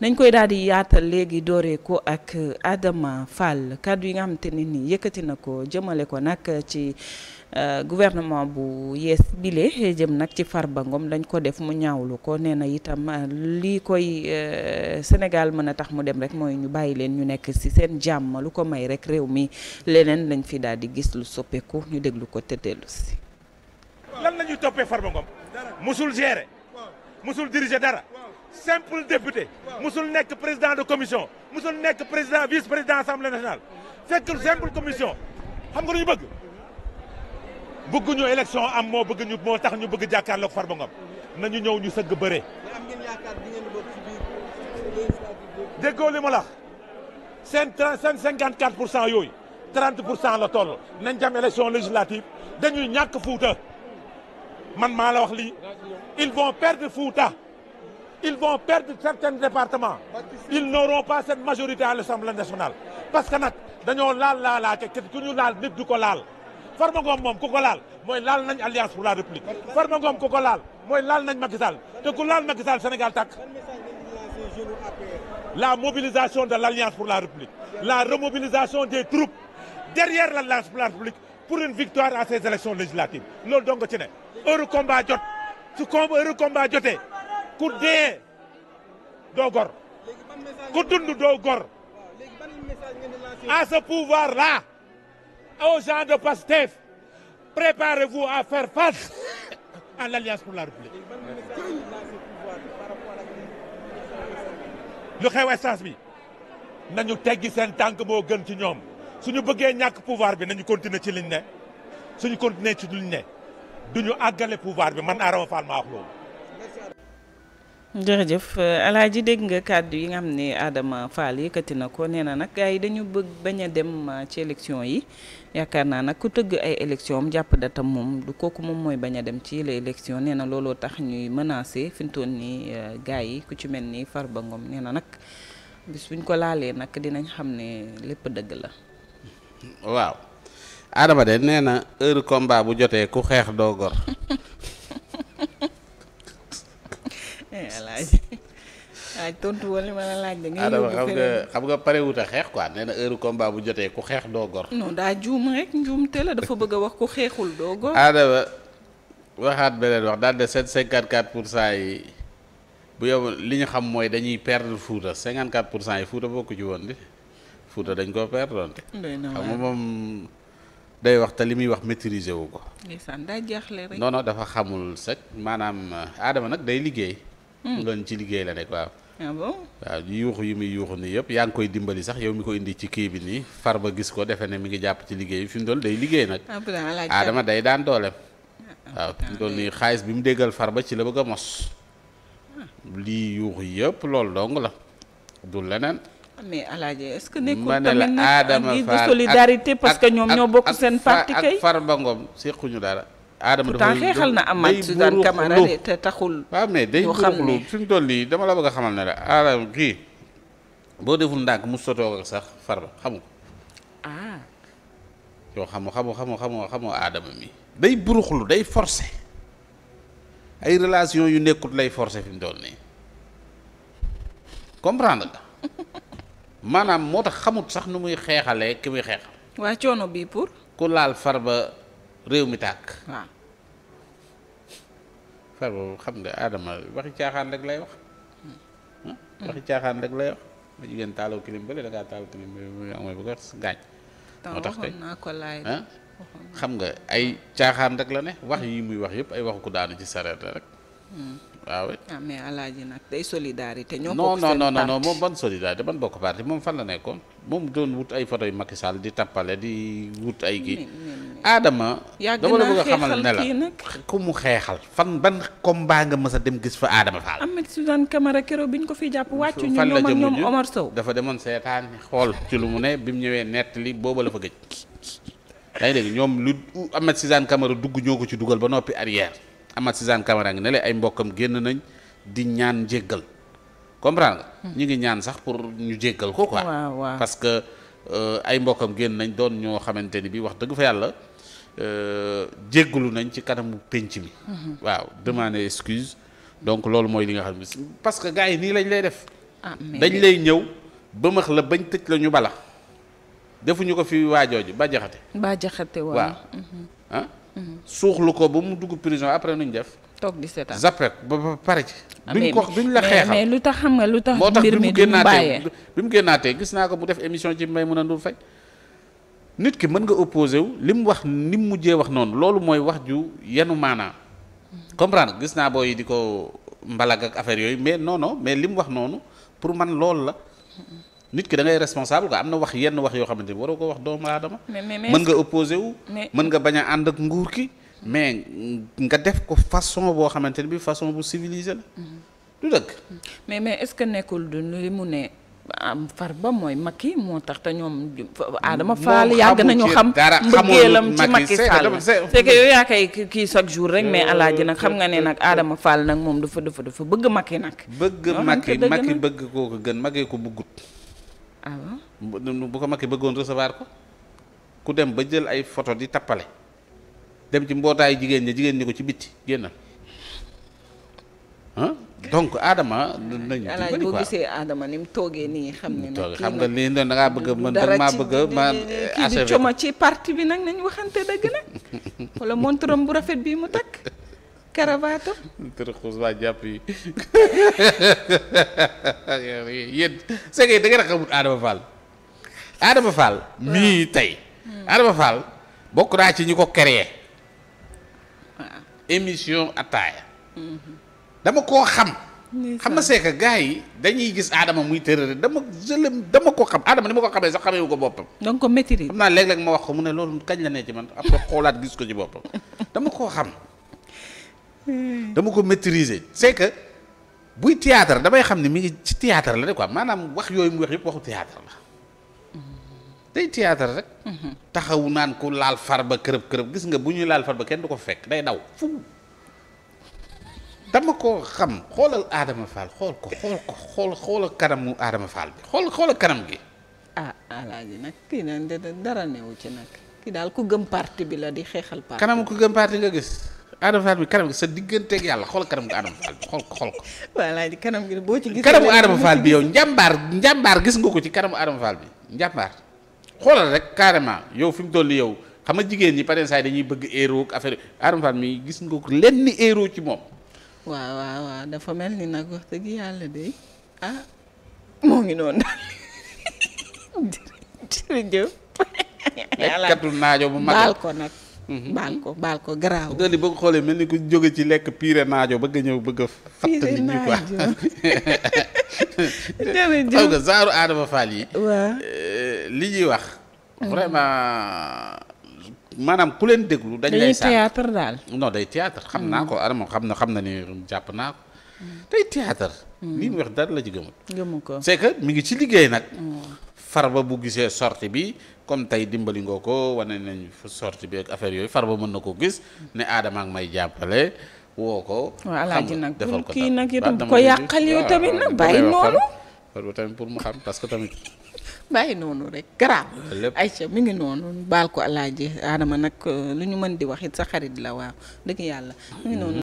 nañ koy daal di yaatal léegi dooreekoo ko ak Adama Fall kàddu yi nga xamante ne nii yëkkati na ko jëmale ko nag ci euh, gouvernement bu yees bile jëm nag ci Farba Ngom dañ ko def mu ñaawlu ko nee na itam euh, lii koy euh, Sénégal mën a tax mu dem rek mooy ñu bàyyi leen ñu nekk ci seen jàmm lu ko may rek réew mi leneen lañ fi daal di gis lu soppeeku ñu déglu ko te si. lan la toppee Farba Ngom. musul gérer. musul dara. simple député musul nekk président de commission musul nekk président vice président assemblée nationale fekkul simple commission xam nga lu ñu bëgg bëgguñu élection am moo bëgg ñu moo tax ñu bëgg jàkkaarloog Farba Ngom nañu ñëw ñu sëgg bëre. déggoo li ma la seen seen 54 pour cent yooyu 30 pour cent la toll nañ jam élection législative dañuy ñàkk Fouta man maa la wax lii ils vont perdre Fouta. ils vont perdre certains départements ils n'auront pas cette majorité à l'Assemblée nationale parce que nag dañoo laal laalaate te ku ñu laal nit du ko laal Farba Ngom moom ku ko laal mooy laal nañ alliance pour la république Farba Ngom ku ko laal mooy laal nañ Macky Sall te ku laal Macky Sall Sénégal tàkk la mobilisation de l'alliance pour la république la remobilisation des troupes derrière l'alliance pour la république pour une victoire à ces élections législatives loolu donc ci ne heure combat jot su heure combat jotee ku dee doo gor ku dund doo gor à ce pouvoir là aux gens de Pastef préparez-vous à faire face à l'alliance pour la République lu xew essence bi nañu teggi seen tànk moo gën ci ñoom suñu bëggee ñàkk pouvoir bi ñu continuer ci liñ ne suñu continuer ci liñ ne duñu àggale pouvoir bi man Adama Fall maa wax jërëjëf euh, alaaji dégg nga kàddu yi nga xam ne Adama Fall yëkkati na ko nee na nag gars yi dañu bëgg bañ a dem euh, ci élection yi yaakaar naa nag ku tëgg ay élection am jàpp datam moom du kooku moom mooy bañ a dem ci la élection nee na looloo tax ñuy menacé fi mu toll nii euh, gars yi ku ci mel nii far Ngom nee na nag bis buñ ko laalee nag dinañ xam ne lépp dëgg la. waaw Adama de nee na heure bu jotee ku xeex doo gor. alaaji alaaji tontu woon li ma la laaj de. nga Adama xam nga xam nga pare xeex ko nee na heure combat bu jotee ku xeex doo gor. non daa juum rek njuumte la dafa bëgg a wax ku xeexul doo gor. Adama waxaat beneen wax daal de cinquante 54 pour cent yi bu yow li ñu xam mooy dañuy perdre Fouta 54 pour cent yi Fouta bokku ci woon di Fouta dañ koo perdre woon. xam nga moom. day wax te li muy wax maîtriser wu ko. ndeysaan daa jaaxle dafa xamul sax maanaam aadama nag day liggéey. Hmm. loolu ci liggéey la nekk waaw. ah bon waaw yuuxu yi muy yuuxu nii yëpp yaa ngi koy dimbali sax yow mi ko indi ci kii bi nii far ba gis ko defe ne mi ngi jàpp ci liggéey bi fi mu doon day liggéey nag. Ah, Adama day daan dooleem. Ah, waaw fi doon nii xaalis bi mu déggal far ba ci la bëgg a mos. Ah. lii yuuxu yëpp loolu dong la du leneen. mais Alaaji est-ce que ak solidarité parce que ñoom ñoo bokk seen parti kay ak Farba séquñu dara. Adama dafay pourtant xeexal na Amath Suzanne Camara de te taxul. waaw mais day buruxlu suñ toll nii dama la bëgg a xamal ne la Adama kii boo deful ndànk mu sotoo ak sax far xam ko. ah. yoo xamu xamu xamu xamu xamu Adama mi. day buruxlu day forcer ay relation yu nekkut lay forcer fi mu toll nii comprendre nga maanaam moo tax xamut sax nu muy xeexale ki muy xeexal. waa coono bii pour. ku laal far ba réew mi tàkk. far boobu xam nga adama waxi caaxaan rek lay wax hmm. Hmm? waxi caaxaan rek lay wax ma jigéen taaloo kilim bële da ngaa taaloo kilim bële mu amee bu xam nga ay caaxaan rek la ne wax yi muy wax yëpp ay waxu ko daanu ci sareet rek hmm. waaw ah mais alaaji nag day solidarité. ñoo bokk non non non moom ban solidarité ban bokk parti moom fan la nekkoon moom doon wut ay photo yu makki saal di tappale di wut ay kii Adama dama la bëgg a ku mu xeexal fan ban baa nga mës a dem gis fa Adama Fall. Ahmed Suzanne Camara keroog bi ñu ko fi jàpp wàccu ñu ñoom ak ñoom Omar demoon seetaan xool ci lu mu ne bi mu ñëwee nettali booba la fa gëj yaa ngi dégg ñoom lu Ahmed dugg ñoo ko ci dugal ba noppi arrière Ahmed Suzanne Camara ngi ne ay mbokkam génn nañ di ñaan jéggal comprendre nga hmm. ñu ngi ñaan sax pour ñu jéggal ko quoi parce que euh, ay mbokkam génn nañ doon ñoo xamante ni bi wax dëgg fa yàlla jéggalu nañ ci kanamu penc mi. waaw demander excuse donc loolu mooy li nga xam ne parce que gars yi nii lañ lay def. Ah, dañ lay ñëw bëmax la bañ tëj la ñu bala defuñu ko fi waajooju ba jaxate. ba jaxate waaw mm-hmm. ah. suuxlu ko ba mu dugg prison après nuñ def. toog di seetaan zapret ba pare ci. Ah, duñ ko duñ la xeexal mais lu tax xam nga lu tax. mbir mi du mu bàyyee bi mu génnaatee bi gis naa ko mu def émission ci Maimouna Ndour Faye nit ki mën nga opposé wu li mu wax ni mu mujjee wax noonu loolu mooy wax ju yenu maanaa comprendre gis naa booy di ko mbalag ak affaire yooyu mais noonu mais li mu wax noonu pour man loolu la nit ki da ngay responsable quoi am na wax yenn wax yoo xamante ni waroo ko wax doomu aadama mën nga opposé wu mais nga bañ a ànd ak nguur ki mais nga def ko façon boo xamante ni bi façon bu civilisée la mm-hmm. du dëgg mm-hmm. mais mais est-ce que nekkul du li mu am Farba mooy Macky moo tax te ñoom aadama Fall yàgg nañu xam mbëggeelam ci Macky Sall c'est que yow yaa koy kii chaque jour rek mais oh, alaaji nag xam nga ne oh, nag oh. Adama Fall nag moom dafa dafa dafa bëgg Macky nag bëgg Macky Macky bëgg koo ko gën Macky ko bëggut ah bu ko Macky bëggoon recevoir ko ku dem ba jël ay photo di tappale dem ci mbootaayu jigéen ñi jigéen ñi ko ci bitti génna ah donc Adama. nañu bëri quoi boo gisee toogee nii xam ne. nag xam nga lii da ngaa bëgg man da bëgg ma. Eh, achever kii ci parti bi nag nañu waxante dëgg nag wala monturam bu rafet bii mu takk karavaatu. tër xuus waa jàpp yi yéen c'est que da Adama Fall. Adama Fall. mii tey. Hmm. Adama Fall bokk naa ci ñu ko créé. émission ataaya. Hmm. dama koo xam. xam na c'est que gars yi dañuy gis aadama muy tërëre dama jëlem dama ko xam Adama ni ma ko xamee sax xamee wu ko boppam. donc ko maîtriser. xam naa léeg-léeg wax ko mu ne loolu kañ la ne ci man après xoolaat gis ko ci boppam dama koo xam. Hmm. dama ko maîtriser c'est buy théâtre damay xam ne mi ngi ci théâtre la de am maanaam wax yooyu mu wax yëpp waxu théâtre la day théâtre rek. Hmm. taxawu naan ku laal far ba kërëb kërëb gis nga bu ñuy laal far ba kenn du ko fekk day daw dama ko xam xoolal aadama Fall xool ko xool xool xoolal kanamu Adama Fall bi xool xoolal kanam gi. ah alaaji nag kii nag dara newu ci daal ku gëm parti bi la di xeexal parti. kanam ku gëm nga gis. Adama bi kanam gi sa digganteeg yàlla xool kanam gi Adama Fall bi xool ko xool kanam gi boo ci gis. kanamu Adama Fall bi yow njàmbaar njàmbaar gis nga ko ci kanamu Adama Fall bi njàmbaar. xoolal rek carrément yow fi mu toll yow xam nga jigéen ñi par exemple dañuy bëgg héros ak affaire Adama Fall gis nga ko lenn héros ci moom. waaw waaw waaw dafa mel ni nag wax dëgg yàlla de ah moo ngi noonu daal jërëjëf. lekkatu naajo bu mag baal ko nag. Mhm. baal ko baal ko garaaw. bu ëllëg ba nga xoolee mel ni ku jóge ci lekk piire naajo bëgg a ñëw bëgg a. piire naajo jërëjëf xaw nga zaaru Adama Fall yi. waaw euh, li ñuy wax. Mm. vraiment. maanaam ku leen déglu. dañ lay sànq théâtre daal. non day théâtre xam naa mm. ko Adama xam na xam na ni jàpp naa ko. Mm. day théâtre mm. li mu wax dara la ci gëmul. gëmu ko que mi ngi ci liggéey nag. ba bu gisee sortie bi comme tey dimbali ngoo ko wane nañ sortie bi ak affaire yooyu far farba mën na ko gis ne Adama ak may jàppale. woo ko alaaji nag pour kii nag ko yàqal yow ah, tamit nag bàyyi noonu. pour mu xam parce que tamit. bàyyi noonu rek garaaw. Aïcha mi ngi noonu baal ko alaaji aadama nag lu ñu mën di wax sa xarit la waaw dëgg yàlla mi ngi noonu.